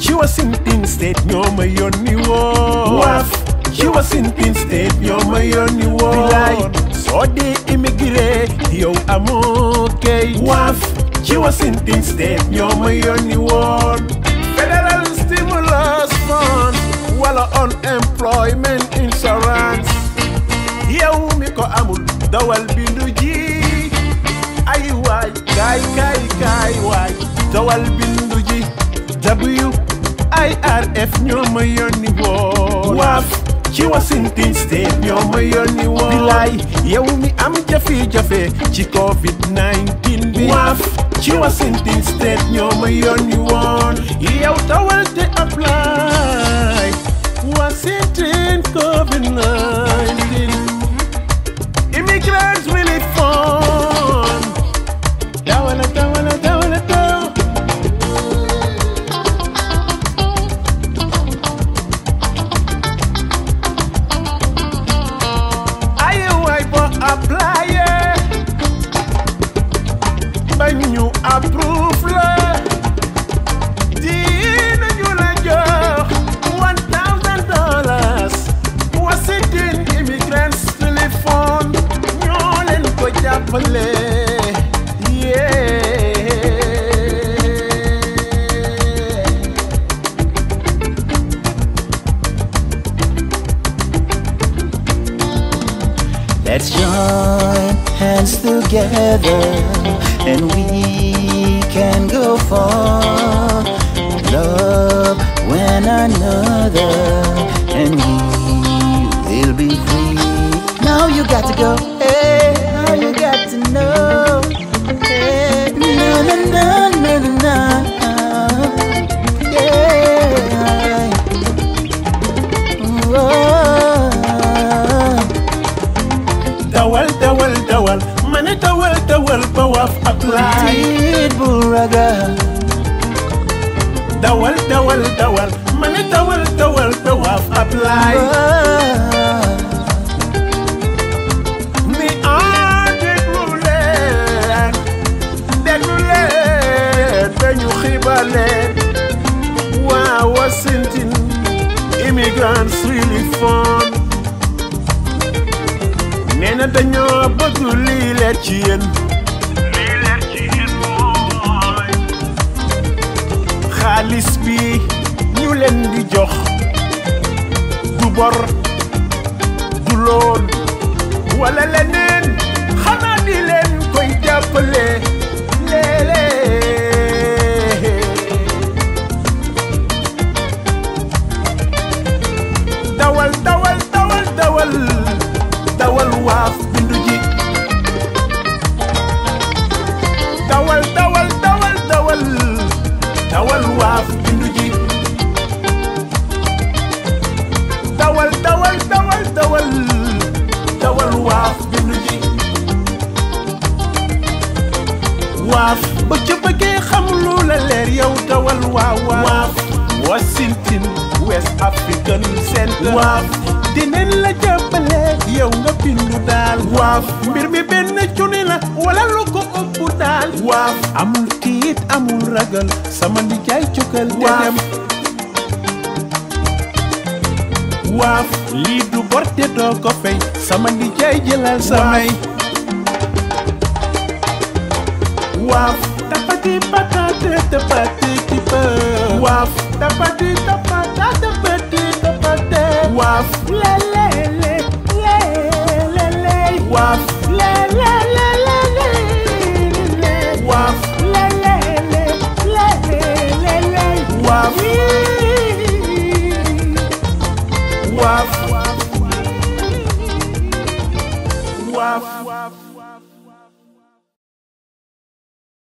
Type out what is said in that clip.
she was in Pin State nyoma yoni wo Waf in Pin State my nyoma yoni wo Bilai Sodi imigire Yo okay. Waf she was in Pin State nyoma yoni wo Federal Stimulus Fund while Unemployment Insurance yeah, Yewu miko amul Dawal bindu G. Ayi why, Kai kai kai wai Dawal bindu WIRF ñoo ma yónni woon waaf ci Washington state ñoo ma yónni woon bilaay yow mi am jafe-jafe ci COVID-19 bi waaf ci Washington state ñoo ma yónni woon yow tawal te apply Washington approuve la dina one thousand dollars Washington immigrants téléphone ko let Let's join hands together and we can go far. Love when another. the power of applied Buraga The world, the world, the well Money the world, the welfare of applied Wow, immigrants really fun. ne dañoo bëgg lii leer ci yéen ci yéen mooy xaalis bi ñu len di jox du bor du wala leneen dawal dawal dawal dawal dawal waaf bindu ji dawal dawal dawal dawal dawal waaf bindu ji waaf bëcc ca bëggee xam lu la leer yow dawal waaw waaf Washington West African Center waaf dinañ la jàppale yow nga bindu daal waaf mbir mi benn cuni la wala lu ko daal waaf amul tiit amul ragal sama nijaay cokkal te waaf lii du borte doo ko fay sama nijaay jëlal samay waaf tapati patate tapati waf waf.